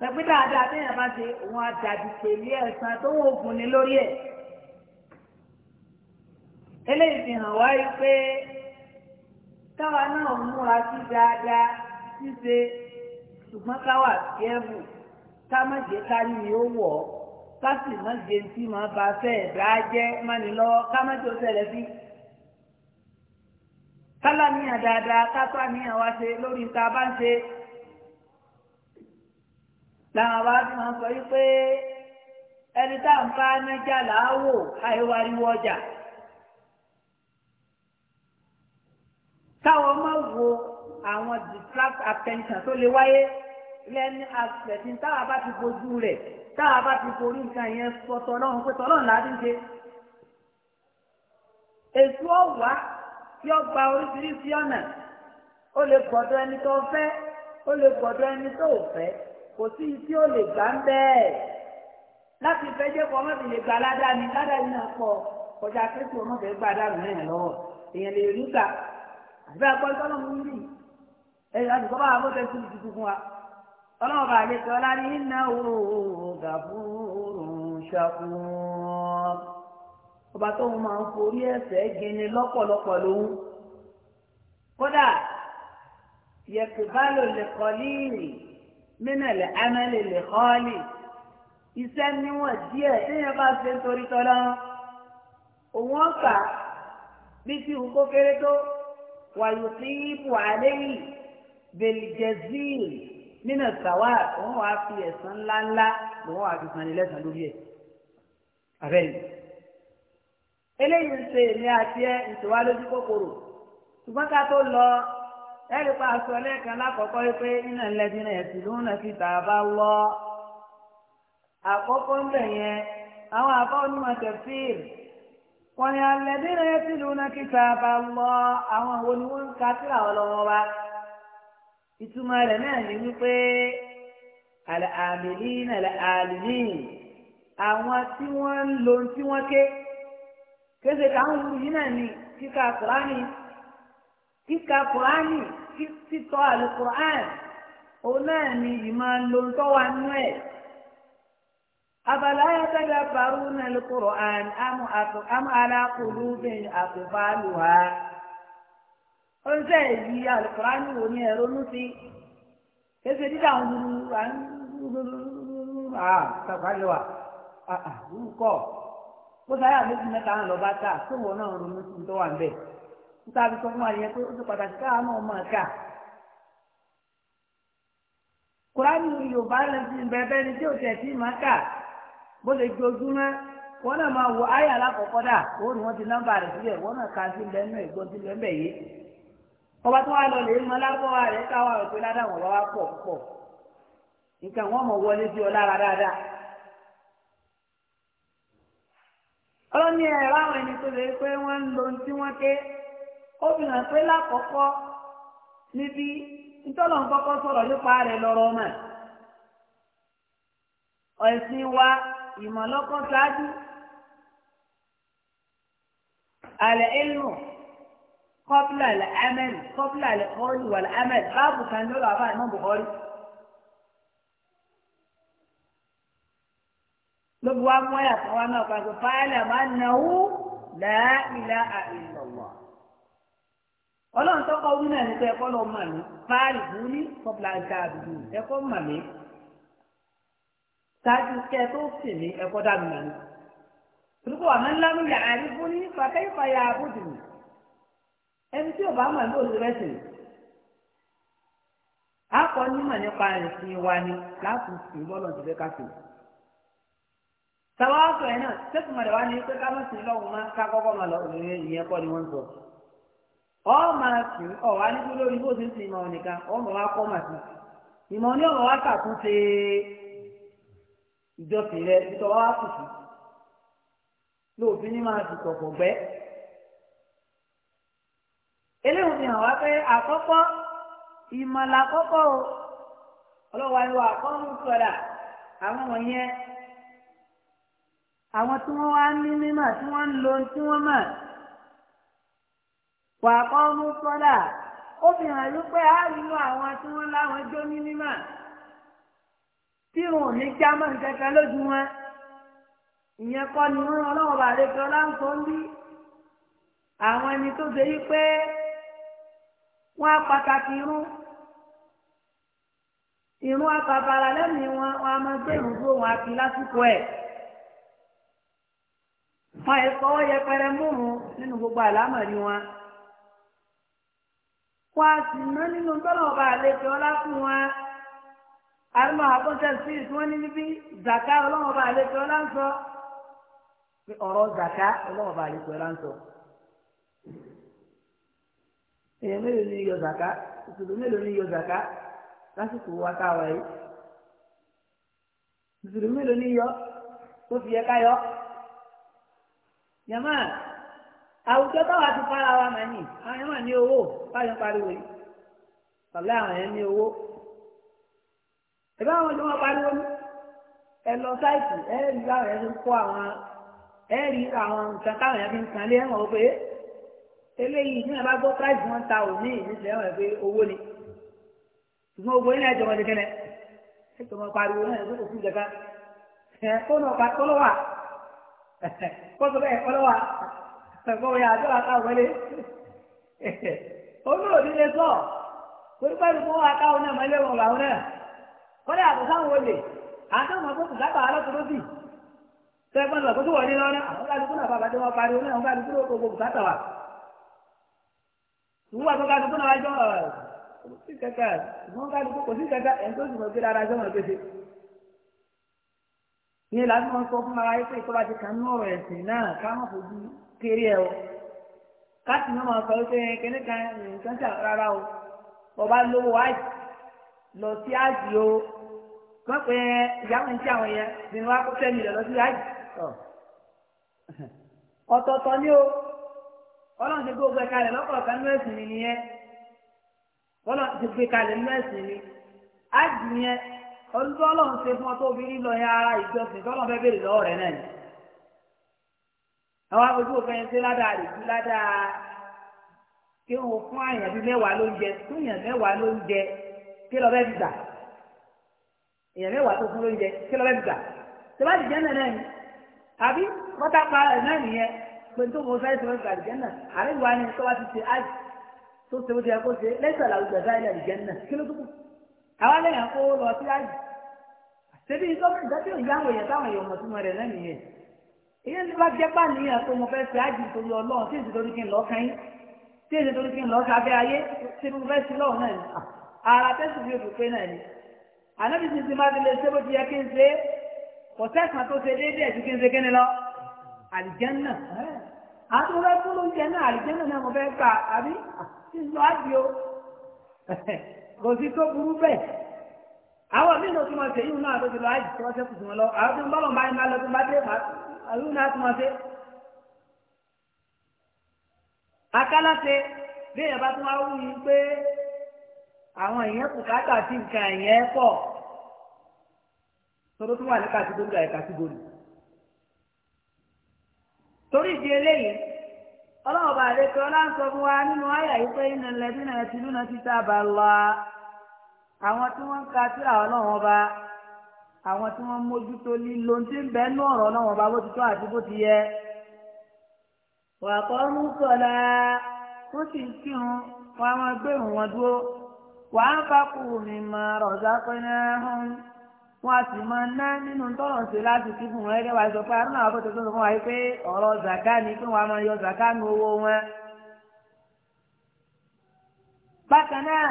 pẹ̀pẹ́ dáadáa téèyàn bá ṣe òun àdàbí pèlú ẹ̀sán tó ń ògùn ní lórí ẹ̀. eléyìí fi hàn wáyé pé táwa náà múra sí dáadáa ṣíṣe ṣùgbọ́n káwà kẹ́ẹ̀mù ká má jẹ́ kárí ni ó wọ̀ ọ́ ká sì má jẹ́ tí màá bá fẹ́ ẹ̀dá jẹ́ mání lọ́wọ́ ká má jẹ́ òṣèlẹ̀ sí. kálá ní àdáadáa ká tó àníyàn wá ṣe lórí ta bá ń ṣe. làwọn bá fi máa sọ wípé ẹni tá à ń bá nájà làáwò àìwáriwọ ọjà. táwọn máa wo àwọn distract attention tó lè wáyé lẹ́ni àtẹ̀sìn táwa bá ti fojú rẹ̀ táwa bá ti forí nǹkan yẹn sọ tọ́lọ́run pé tọ́lọ́run láti ń ṣe. èso ọ̀wá tí ó gba oríṣiríṣi ọ̀nà ó lè gbọ́dọ̀ ẹni tó fẹ́ ó lè gbọ́dọ̀ ẹni tó fẹ́ kò sí tí ó lè gbà ń bẹ́ẹ̀ láti fẹ́ jẹ́ kọ́ mọ́tì lè gba ládàá ni náà pọ̀ kọjá kristu ọmọdé gba dànù náà lọ́wọ́ èèyàn lè rí gbà àbí àgbọ̀ ìtọ́lọ́mù ń rí ẹ̀yà àdùkọ́ bá wà mọ́tò ìdìbò fún wa ọlọ́run bá lè tọ́lá ní ìnáwó gàfúrú ṣàkún ọba tóun máa ń forí ẹ̀ṣẹ̀ gini lọ́pọ̀lọpọ̀ lòun kódà yẹtùbálò lè kọ́lí mínà lè amẹ́lẹ̀ lè kọ́lì iṣẹ́ níwọ̀n díẹ̀ téèyàn bá ṣe torí tọ́lá òun ọ̀kà bí ti hù kéré tó wàyò sí ibù àlẹ́ yìí bèlì jẹ̀zíìlì. nínú ìsàwá wọn wàá fi ẹ̀sán ńláńlá ni wọn fi sanni lẹ́sàn lórí ẹ̀ abẹ́rẹ́ eléyìí ń ṣe èmi àti ẹ ìṣòwá kòkòrò ṣùgbọ́n ká tó lọ ẹ̀rí pa aṣọ lẹ́ẹ̀kan lákọ̀ọ́kọ́ pé nínú ẹ̀sìn fi tàbá lọ àkọ́kọ́ ń bẹ̀ yẹn àwọn àbá onímọ̀ wọ́n ní ẹ̀sìn fi tàbá lọ àwọn wo ni wọ́n ń ka ìtumọ̀ rẹ̀ náà ni wípé àlàmìlì náà àlìní àwọn tí wọ́n ń lo tí wọ́n ké kéde káwọn wúru yìí náà ni kíka kùránì kíka kùránì títọ́ àlùkùránì òun náà ni ìmọ̀ lo ń tọ́wọ́ nú ẹ̀. أفلا يتدبرون القرآن أم, أم على قلوب أقفالها ó ń sẹ́ èyí àlùkùránì wò ní ẹ̀rọ ní ti kéṣe dídà ń dúró à ń dúró à sàfàlẹ́ wa àrùkọ bó sáyà méjì mẹ́ta ń lọ bá ta tó wọ náà ronú sí tó wà ń bẹ̀ níta fi sọ fún wa yẹn pé ó ti pàtàkì káà náà máa kà kùránì yorùbá lẹ́sìn bẹ́ẹ̀ ni tí ò tẹ̀ sí máa kà bó lè jojúmọ́ wọn náà máa wọ ayé alákọ̀ọ́kọ́ dà ó ní wọ́n ti nọ́mbà rẹ̀ sílẹ̀ wọ́n náà kà sí lẹ́nu ẹ̀gbọ́n sí lẹ́nu ẹ̀yẹ. ọba tó wà lọ lè mọ lágbọ́wà rẹ̀ káwà rẹ̀ pé ládàá wọn bá wà pọ̀ pọ̀ nǹkan wọn mọ̀ wọlé sí ọ lára dáadáa. ọlọ́ni ẹ̀rọ àwọn ẹni tó lè pé wọ́n ń lo ohun tí wọ́n ké ó fi hàn pé níbi wa ṣáájú àlẹ́ قبل العمل قبل القول والعمل باب كان له عبارة الإمام بخاري لو هو ما يقوانا قال فاعلم أنه لا إله إلا الله ọlọ́run tó kọ́ wí náà ní pé ẹ̀kọ́ lọ mà mí fáàlì bú ní kọ́bla ẹ̀ka àbùkù ẹ̀kọ́ mà mí ṣáájú kẹ́ tó sì ní ẹ̀kọ́ dànù mà mí. olùkọ́ àmọ́ ńlá mi yà á rí bú ní pàtẹ́ ìfàyà àbùdù mi. ẹni tí ò bá mọ̀ ló ti rẹ́sìn á kọ́ nímọ̀ nípa ẹ̀sìn wa ni láti sùn lọ́nà tó ká sùn. sábà sọ yẹn náà sẹ́kùn mọ̀lẹ́ wa ni pé ká má sìn má ká kọ́kọ́ mọ̀ lọ ìyẹn ọ máa sìn ọ wá bó ti ń ọ mọ̀ wá kọ́ mà sí. ìmọ̀ ọ̀rọ̀ wá ìjọsìn rẹ̀ wá eléyìí fi hàn wá pé àkọ́kọ́ ìmọ̀lá àkọ́kọ́ o ọlọ́wà ìwà àkọ́mú sọ̀dà àwọn wọ̀nyẹn àwọn tí wọ́n wá ní mímọ̀ tí wọ́n ń lo tí wọ́n mọ̀ wà àkọ́mú sọ̀dà ó fi hàn yí pé á nínú àwọn tí wọ́n láwọn jó ní mímọ̀ tí wọn ò ní jámọ́ nǹkankan lójú wọn ìyẹn kọ́ ni wọ́n ọlọ́wọ́ bàdé fi ọlá ń ń bí àwọn ẹni tó ṣe yí pé wọ́n á pàtàkì irun irun akabara lẹ́mìí wọn wọn a máa gbẹ̀rù dúró wọn àti lásìkò ẹ̀ wọn yẹ kọ́ yẹpẹrẹ múrun nínú gbogbo àlámọ̀rí wọn wọn a sì ná nínú tọ́lọ̀ ọba àlejò ọlá fún wọn àrùn àkọ́tẹ̀ sí ìtumọ̀ ní níbí zaka ọlọ́wọ́n ọba àlejò ọlá ọ̀rọ̀ zaka ọlọ́wọ́n ọba àlejò ọlá èèyàn mélòó ni yọ zàká ìṣòro mélòó ni yọ zàká lásìkò wa tá a wà yìí ìṣòro mélòó ni yọ tó fi yẹ ká yọ yàmá àwùjọ táwa ti fara wa mà ní àwọn yàmá ní owó báyọ̀ pariwo yìí tàbí àwọn yẹn ní owó ẹ̀bá àwọn ọjọ́ wọn pariwo ní ẹ lọ sáìtì ẹ rí àwọn yẹn ti kó àwọn ẹ rí àwọn nǹkan táwọn yẹn fi ń kan lé ẹ̀wọ̀n ó pé eléyìí ní àbá gbọ́ price one thousand ní ìlú ẹ̀wọ̀n pé owó ni ṣùgbọ́n owó ilé ẹ̀jọ̀ wọn ti kẹ́lẹ̀ ẹ̀jọ̀ wọn pariwo náà ẹ̀jọ̀ kò fún ìjẹ̀ká kọ́nà ọ̀pá kọ́lọ́wà kọ́sọ̀ bẹ́ẹ̀ kọ́lọ́wà ẹ̀kọ́ ya àjọ àtàwọlé olóòdì lè sọ pẹ̀lú fún wa táwọn náà mọ́lẹ́ wọn làwọn náà kọ́lẹ́ àtúnṣáwọn olè àtúnṣáwọn tó kù lábàá lọ́tọ́lọ́sì tẹ́gbọ́n lọ́tọ́ tó wọlé lọ́rẹ́ àwọn ìwúwà tó ká dùkú náà wájọ́ kò sí kẹta ìwọ́n ká dùkú kò sí kẹta ẹ̀ ń tó sì mọ̀ pé dáadáa sọ́wọ́n pèsè. ìyẹn láti wọn sọ fún ara yìí pé ìtọ́ba ti kà ń ọ̀rọ̀ ẹ̀sìn náà ká má fojú kéré ẹ o káàtì náà máa sọ pé kíní kan nǹkan ṣà rárá o ọba lówó àjì lọ sí àjì o wọ́n pe ìyáwó ń tí àwọn yẹn sínú akókẹ́ ọlọ́run ti gbogbo ẹ̀ka rẹ̀ lọ́kọ̀ọ̀kan nínú ẹ̀sìn mi nìyẹn ọlọ́run ti gbé kalẹ̀ nínú ẹ̀sìn mi ájì yẹn olùdó ọlọ́run ṣe fún ọ tó obìnrin lọ yẹn ara ìjọsìn tó ọlọ́run fẹ́ bèrè lọ́wọ́ rẹ̀ náà ni àwọn ojú òfin ṣe ládàá rè ju ládàá kí wọn fún àyàn bíi mẹ́wàá lóúnjẹ fún èèyàn mẹ́wàá lóúnjẹ kí lọ bẹ́ẹ̀ fi gbà èèyàn mẹ́wàá tó fún lóúnjẹ kí lọ bẹ́ẹ̀ fi gbà tẹ́lá ti jẹ́ náà náà ni àbí kọ́tà pa ẹ̀ náà nìyẹn pẹ̀lú tó mọ sáyẹ̀sì wọn gba àlìjẹ́nà àárín wa ni tó wá ti ṣe ájì tó ṣe oṣù ẹ̀kọ́ ṣe lẹ́sẹ̀ làwùjọ sáyẹ̀ àlìjẹ́nà kí ló tó kù àwa lè yàn kó lọ sí ájì ṣebí gọ́ọ̀mẹ̀ntì tó yà àwọn èèyàn táwọn èèyàn mọ̀ sí mọ̀ rẹ̀ lẹ́nu yẹn ìyẹn ní bá jẹ́ pàníyàn tó mo fẹ́ ṣe ájì torí ọlọ́run tí èsì torí kí n lọ kàn yín tí èsì torí kí n lọ sábẹ́ ayé tí mo ni ni ànábi ti ti máa fi lè ṣe bó ti yẹ kí n ṣe kò sẹ́sàn tó ṣe déédéé ju kí n ṣe kí lọ àlìjẹ́nnà àti mo fẹ́ fún lóúnjẹ náà àlìjẹ́nà náà mo fẹ́ gbà àbí tí ń o kò sí tó burú bẹ́ẹ̀ àwọn míì ló tún máa ṣe yìí náà tó ti lọ àjì tí wọ́n ṣẹ́kù sí wọn lọ àwọn tó ń bọ́lọ̀ máa ń lọ tó ń bá dé àwọn náà tún máa ṣe. akálàṣe bí èèyàn bá tún wá wú yín pé àwọn èèyàn kò káàkà sí nǹkan ẹ̀yẹ́ pọ̀ tó tó tún wà ní kàtígórì àìkàtígórì. torí ìdí eléyìí ọlọ́ọ̀bà àdékọ́ ọláńsọ fún wa nínú àyà yìí pé iná náà ti lúna títà bá lọ àwọn tí wọ́n ń ka sí àwọn bá àwọn tí wọ́n mójútó lílo ń nú ọ̀rọ̀ bá bó ti tó àti bó ti yẹ. wàkọ́ ń sọ̀la wọ́n sì ń kírun wọ́n á máa gbé dúró ń fa kùrù mi wọn a sì máa ná nínú tọ́lọ̀ ṣe láti fi fún wọn gẹ́gẹ́ bá sọ pé arúnà àwọn tó sọ fún wa pé ọ̀rọ̀ zaka ni pé wọn a máa yọ zaka nu owó wọn. bákan náà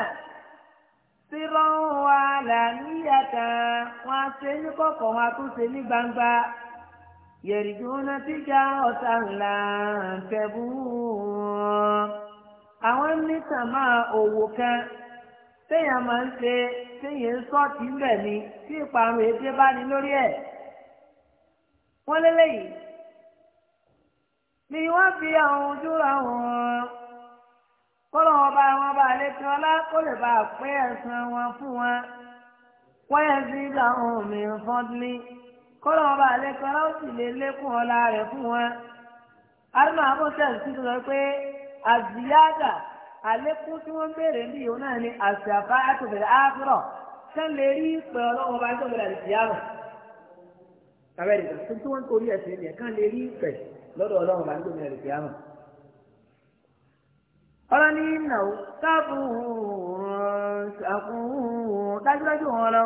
sírọ̀ wa là níyà kan wọn a ṣe ní kọ̀kọ̀ wọn a tún ṣe ní gbangba yẹ̀rìndínlọ́nà tíjà ọ̀tá ńlá ń fẹ́ bú wọn. àwọn nítàn máa òwò kan téèyàn máa ń ṣe téèyàn ń sọ́ọ̀tì ńlẹ̀ ni tí ìparun èdè bá ní lórí ẹ̀. wọ́n lélẹ́yìí ni wọ́n fi àwọn ojú ra wọn kọ́lọ̀ wọn bá wọn bá lè kí ọlá kó lè bá pé ẹ̀sán wọn fún wọn wọ́n yẹn sí làwọn òmì fọ́ndínlé kọ́lọ̀ wọn bá lè kí ọlá ó sì lè lékún ọlá rẹ̀ fún wọn. arúgbó àbọ̀tẹ̀ sí sọ pé àzìyáàdà àlékún tí wọ́n béèrè ní ìhun náà ni àṣàfà àtòbẹ̀rẹ̀ áfírọ̀ sẹ́ń lè rí pẹ̀ ọlọ́run ọba tó bẹ̀rẹ̀ àdìsí àrùn. Àbẹ̀rẹ̀ ìgbà tí wọ́n ń torí ẹ̀sìn ni ẹ̀kan lè rí pẹ̀ lọ́dọ̀ ọlọ́run ọba tó bẹ̀rẹ̀ àdìsí àrùn. Ọlọ́ ní ìnáwó sábùrún ṣàkóhùn dájúdájú wọn lọ.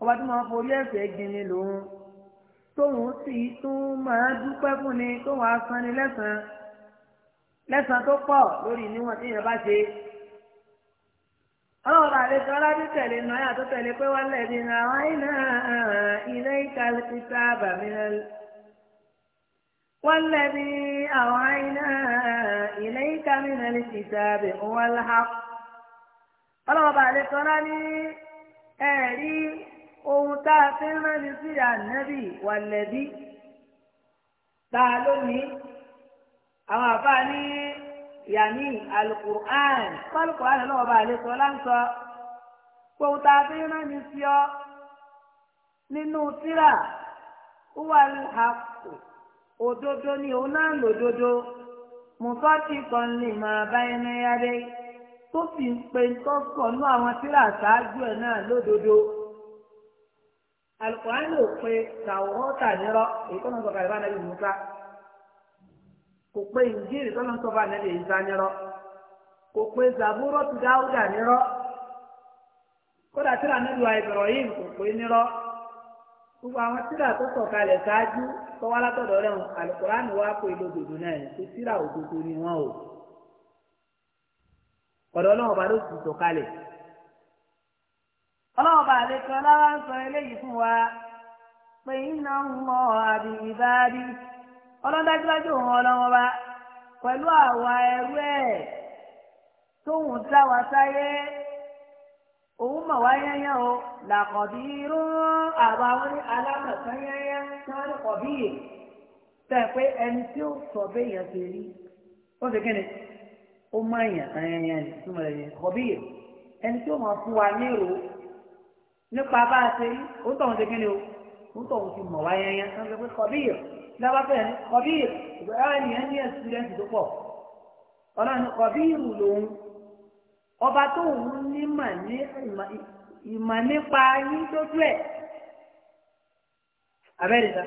Ọba tí máa lẹ́sàn-án tó pọ̀ lórí níwọ̀n tí yẹn bá ṣe. ọlọ́run àlejò aládé tẹ̀lé náà yàtọ̀ tẹ̀lé pé wọ́n lẹ̀ ní àwọn iná ilé ìkàlùkìtà bàmíràn. والذي أوحينا إليك من الكتاب هو الحق ọlọ́ọ̀bà àlekọ́lá ní ẹ̀rí ohun tá a fi ń rán ní sí ànábì wàlẹ́bí tá a lónìí àwọn àbá ní yàní alukur'an kọ́lùkùránì náà ọba àlejò láǹsọ gbogbo tá a fi rán mi sí ọ nínú tíra wúwa lùhàkù òdodo ni òun náà lòdodo mùsọ́tì kan lè máa bá ẹni yáde tó fi ń pe tó sọnú àwọn tíra ṣáájú ẹ̀ náà lódodo alukóhánì ò pe tàwọn ọ̀tà nírọ̀ èyí tó ń sọ kàlẹ́ bá nàbí musa. kò pé ìjírí tọ́lá ń sọ́ba nílẹ̀ kò pé zàbúrò ti dáúdà nírọ́ kódà tíra nílùú Ibrahim kò pé nírọ́ gbogbo àwọn tíra tó ṣáájú wọn àlùkùránì wá pé náà tíra ni wọn o ọba ló ti sọ eléyìí fún wa pé iná ọlọ́dájúdájú òun ọlọ́wọ́n bá pẹ̀lú àwa ẹrú ẹ̀ tóun dá wa sáyé òun mọ̀ wá yányán o làkọ̀bí rún àwa wọn ní alámọ̀tán yányán tí wọ́n ní kọ̀bí yìí tẹ̀ pé ẹni tí ó sọ béèyàn ti rí ó ti kí ni ó máa yàn tán yányán ní túmọ̀ rẹ̀ yẹn kọ̀bí yìí ẹni tí ó máa fún wa ní ìrò nípa bá a ṣe rí ó tọ̀hún ti kí o ó tọ̀hún ti mọ̀ wá yányán tí wọ́n ti pé kọ̀bí yìí lábàbẹ̀ ní kọbíìrù ìgbà ènìyàn ní ẹ̀sìrẹ́ǹtì tó pọ̀ ọlọ́run ní kọbíìrù lòun ọba tó ń nímọ̀ ní ìmọ̀ nípa yín lójú ẹ̀ abẹ́rẹ́ ta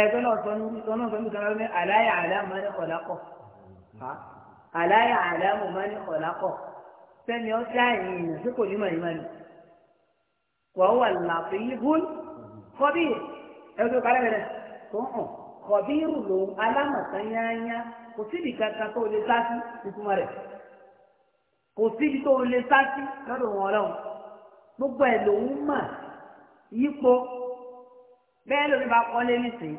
ẹgbẹ́ náà sọ ní sọ náà sọ ní sọ ní aláya àlámọ̀ ní kọ̀lákọ̀ aláya àlámọ̀ ní kọ̀lákọ̀ sẹ́ni ọ́ dá èèyàn tí kò ní mọ̀ ní mọ̀ ní wàá wà láàfin yìí bùn kọ́bíìrù ẹ̀rọ tó kálẹ̀ rẹ̀ tó hàn kọ̀bírù ló alámọ̀tán yányá kò síbi kankan tó lè sá sí ìtumọ̀ rẹ̀ kò síbi tó lè sá sí lọ́dọ̀ wọn ọlọ́run gbogbo ẹ̀ lòún mà yípo bẹ́ẹ̀ lómi bá kọ́ lé nísìnyí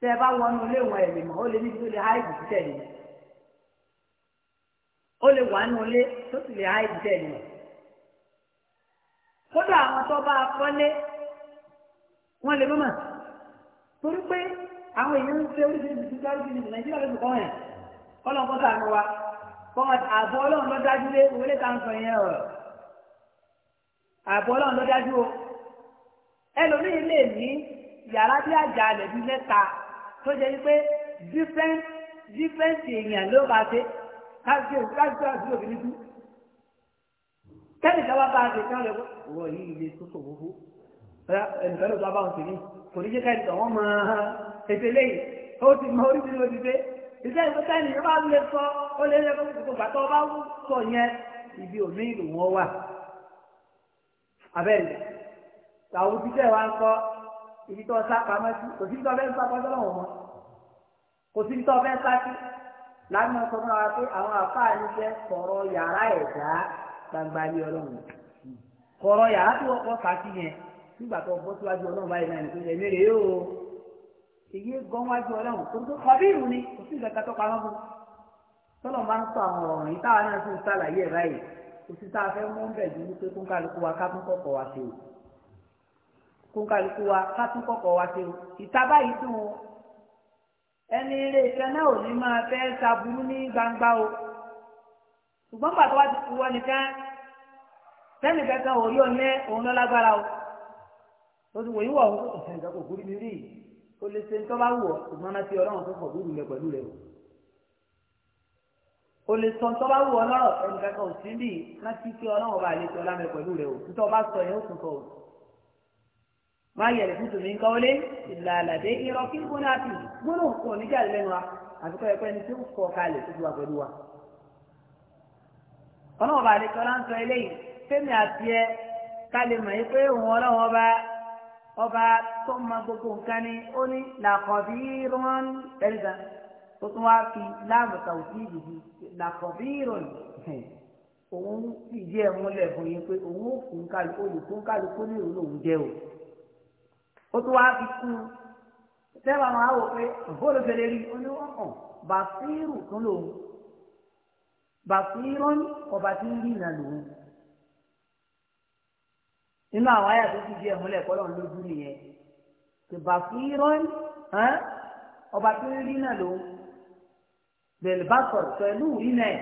tẹ́ ẹ bá wọnú ilé ìwọ̀n ẹ̀ ó lè níbi tó lè háìdì títẹ̀ lè ó lè wà nù ilé tó sì lè háìdì títẹ̀ lè kódà àwọn tó bá kọ́lé wọ́n lè mọ́mà torí pé àwọn èèyàn ń ṣe oríṣiríṣi ti dárí bíi nàìjíríà lóṣù kan yẹn kọ́lọ́n kọ́ sàánú wa kọ́ àbọ̀ ọlọ́run ló dájú lé òwélé tá à ń sọ yẹn ọ̀ àbọ̀ ọlọ́run ló dájú o ẹlòmíì lè ní yàrá bí àjà alẹ̀ bíi mẹ́ta tó jẹ́ wípé different different èèyàn ló bá ṣe káṣíṣe káṣíṣe àti òbí nítú kẹ́nìkan wá bá a ṣe kí wọ́n lè wọ́ yìí ilé tó ṣòfófó ẹnìfẹ́lẹ̀ tó abáhùn sí ní kò ní jẹ́ ká ẹnìkan wọ́n mọ ètò eléyìí ó ti mọ oríṣi ló ti dé iṣẹ́ ìfúnta ni yóò bá lè sọ ó lè lè kókò gbàtọ́ bá sọ yẹn ibi òní ìlú wọn wà abẹ́rẹ́ làwọn òṣìṣẹ́ wa ń kọ́ ibi tó sá pamọ́ sí kò síbi tó fẹ́ sá pamọ́ sọ́wọ́n mọ́ kò síbi tó fẹ́ sá sí láàmú ọkọ̀ náà wá pé àwọn àfáà ní jẹ́ sọ̀rọ̀ yàrá ẹ̀dá gbangba ní ọlọ́run kọ̀rọ̀ yàrá nígbà tó bọ́ síwájú ọlọ́run báyìí náà nìkan ẹ̀mí rẹ̀ yóò èyí gan wájú ọlọ́run tó tó kọ́ bí ìrù ni kò sí ìgbàgbọ́ tó pamọ́ fún tọ́lọ̀ máa ń sọ àwọn ọ̀rọ̀ yìí táwa náà sì ń sàlàyé ẹ̀ báyìí kò sí táwa fẹ́ mọ́ ń bẹ̀ dúró pé kóńkálukú wa ká tún kọ̀kọ̀ wá sí o kóńkálukú wa ká tún kọ̀kọ̀ wá sí o ìta báyìí dùn o ẹni ilé ìfẹ́ náà ò ní máa fẹ́ ṣàbùrú ní gbangba o ṣùgbọ́n pàtó wá ti fi wọ́n nìkan sẹ́nìkẹ́kan òrí ọ̀yẹ́ òun lọ́lágbára o lórí wòye wà wọ́n kò sẹ́yìn ìjọba òkúri mi rí o lè ṣe nítorí bá wù ọ́ ṣùgbọ́n náà ti ọlọ́run tó kọ̀ lóru rẹ pẹ̀lú rẹ o. o lè sọ nítorí bá wù ọ́ lọ́rọ̀ ẹnìkan kan ò sí bí náà ti fi ọlọ́run ọba àlejò ọlá mi pẹ̀lú rẹ o nítorí bá sọ yẹn ó tún sọ o. má yẹ lè fútu mi ń kọ́lé ìlà irọ́ kí gbóná àti gbóná òkú oníjà lẹ́nu ká lè mọ̀ yí pé òun ọlọ́run ọba ọba tó ma gbogbo nǹkan ni ó ní làkọ̀bírún ẹ̀ríga tó tún wá fi láàmù tàwùjí ìdìbò làkọ̀bírún òun ìdí ẹ̀ múlẹ̀ fún yín pé òun ò fún kálukú olùkún kálukú ní òun lòún jẹ́ o ó tún wá fi kú sẹ́wọ̀n àwọn àwò pé bóòlù rí ó bàfírù tún lòun bàfírún ọba tí ń rí lòun nínú àwọn àyà tó ti di ẹ̀múlẹ̀ kọ́lọ̀ lójú nìyẹn ìbá fún irọ́n ọba tó ń rí náà ló bẹ̀rẹ̀ bá sọ̀rọ̀ pẹ̀lú rí náà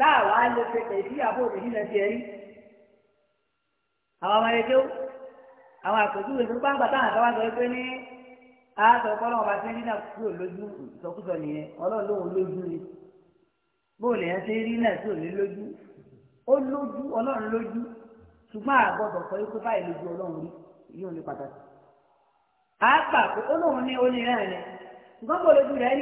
táàwá lè pẹ̀tẹ̀ sí àbò òbí náà tiẹ̀ rí àwọn ọmọ ẹgbẹ́ àwọn àpèjúwe tó bá ń gbàtà àtàwọn àgbẹ̀ pé ní àtọ̀ kọ́lọ̀ ọba tó ń rí náà kúrò lójú ìsọkúsọ nìyẹn ọlọ́run lóhun lójú ni bóòlù yẹn ti rí náà tí ò lójú ó lójú ọlọ́run lójú ṣùgbọ́n àgbọ̀dọ̀ sọ wípé báyìí lójú ọlọ́run rí yóò ní pàtàkì. a gbà pé olóhùn ní onírẹ́ rẹ̀ ṣùgbọ́n kò lójú rẹ̀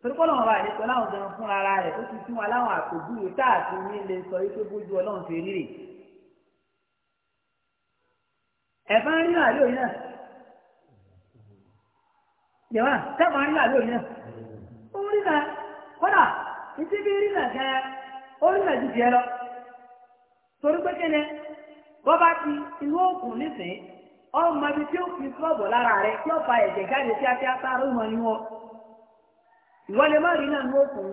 torí kọ́ lọ́wọ́ sọ láwọn gan fún ara rẹ̀ ó ti fún wa láwọn àpèjúwe táàtì ní sọ wípé bójú ọlọ́run ṣe ẹ̀fọn rí náà. rí náà. ó rí náà kọ́dà rí náà torí pé kí ni ti inú òkun nísìnyí ọmọ ibi tí ó fi sọ́ọ̀bù lára rẹ̀ tí ó fa ẹ̀jẹ̀ jáde kíákíá sáré wọn ni wọn ìwọ lè má rí náà ní òkun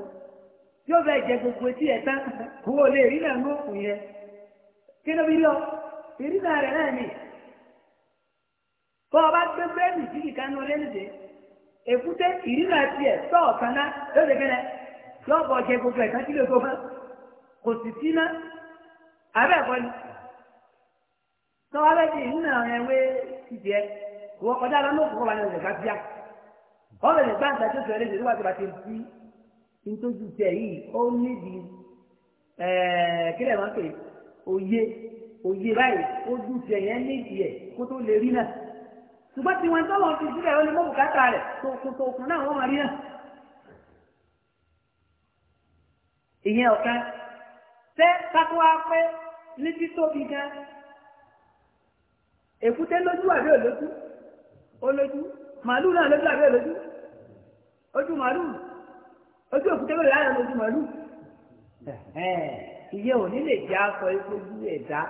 tí ó fẹ́ jẹ gbogbo etí ẹ̀ tán lè rí náà yẹn kí lọ rẹ̀ èkúté tiẹ̀ náà abẹ́ ẹ̀kọ́ ni tọ́wọ́ di nínú kọjá lọ ní òkùnkùn balẹ̀ ọ̀dẹ̀ káfíà na lè gbá tó sọ̀rọ̀ lẹ́sẹ̀ nígbà tó bá ti fi ntójú yìí ó nídìí kílẹ̀ máa ń pè òye òye báyìí ó dùn yẹn kó tó lè rí náà ṣùgbọ́n tí tọ́wọ́ ti sílẹ̀ ó lè bùkátà rẹ̀ tó ṣé kátó wá pé ní títóbi gan èkúté lójú àbí òlójú olójú màálù náà lójú àbí òlójú ojú màálù ojú òkúté lórí àyàn lójú màálù ìyẹn ò ní lè jẹ́ aṣọ ìfojú ẹ̀dá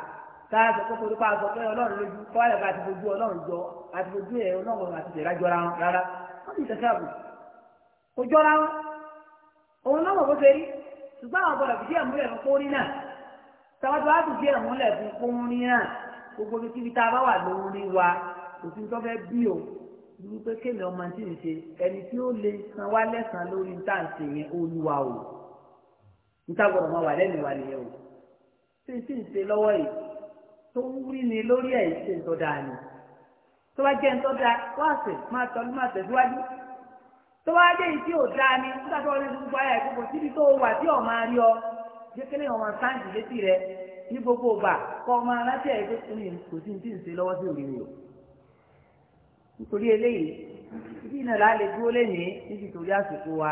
táàtò kó torí pàṣọ pé ọlọ́run lójú kọ́ àyàká àti fojú ọlọ́run jọ àti fojú ẹ̀ ọlọ́run àti tẹ̀lá jọra wọn rárá wọ́n ti tẹ̀síàbù kò jọra wọn òun náà mọ̀ bó ṣe rí ṣùgbọ́n àwọn gbọ́dọ̀ fìdí ẹ̀múlẹ̀ fún kórí náà tàwọn tó wá fìdí ẹ̀múlẹ̀ fún kórí náà gbogbo ibi kíbi tá a bá wà lórí wa òfin tó fẹ́ bí o ní pé kéèmì ọmọ tí ń ṣe ẹni tí ó lè san wá lẹ́sàn-án lórí ní táǹsì yẹn olúwa o níta gbọ́dọ̀ máa wà lẹ́nu wa nìyẹn o tí n sì lọ́wọ́ yìí tó ń rí ni lórí ẹ̀ ṣe ń tọ́ ni tó bá jẹ́ ń tọ́ wá sí máa tọ́lú máa tẹ̀síwájú tó bá dé ìdí òdá ni nígbà tó wọn lè gbogbo ayé àìkókò síbi tó wà tí ọ̀ máa rí ọ jẹ́ kí lèèyàn máa sáǹdì létí rẹ ní gbogbo ọgbà kọ́ ọ máa rántí àyè pé kò sí ní tí ń ṣe lọ́wọ́ sí òrìrì o nítorí eléyìí ibi iná là á lè dúró lẹ́yìn níbi ìtòrí àsìkò wa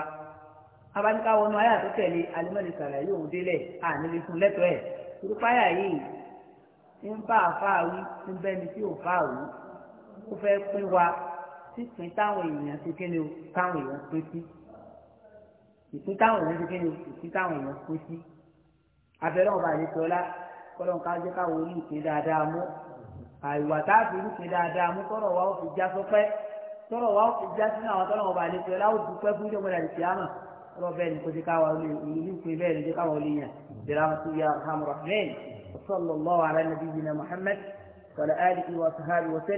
abáníká wọnú ayé àtúntẹ̀lé alimọ́lẹ̀ sàlàyé òun délẹ̀ àníbi fún lẹ́tọ̀ọ́ ẹ̀ turupáyà yìí ń bá àfáàwí ń bẹ́ni tí ò fáàwí ó fẹ́ pín wa sípin táwọn èèyàn ti kéde o táwọn èèyàn pín sí ìpín táwọn èèyàn ti kéde o ìpín táwọn èèyàn pín sí abẹ́rẹ́ ọba àdéṣe ọlá kọ́lọ́n ká jẹ́ káwọn orí ìpín dáadáa mú àìwà táàbí orí ìpín dáadáa mú tọ́rọ̀ wa ó fi já sọpẹ́ tọ́rọ̀ wa ó fi já sínú àwọn tọ́rọ̀ ọba àdéṣe ọlá ó dúpẹ́ fún ìjọba àdéṣe àmà ọlọ́ bẹ́ẹ̀ ni kò sí káwọn olú ìpín bẹ́ẹ̀ ni jẹ́ káwọn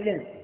olú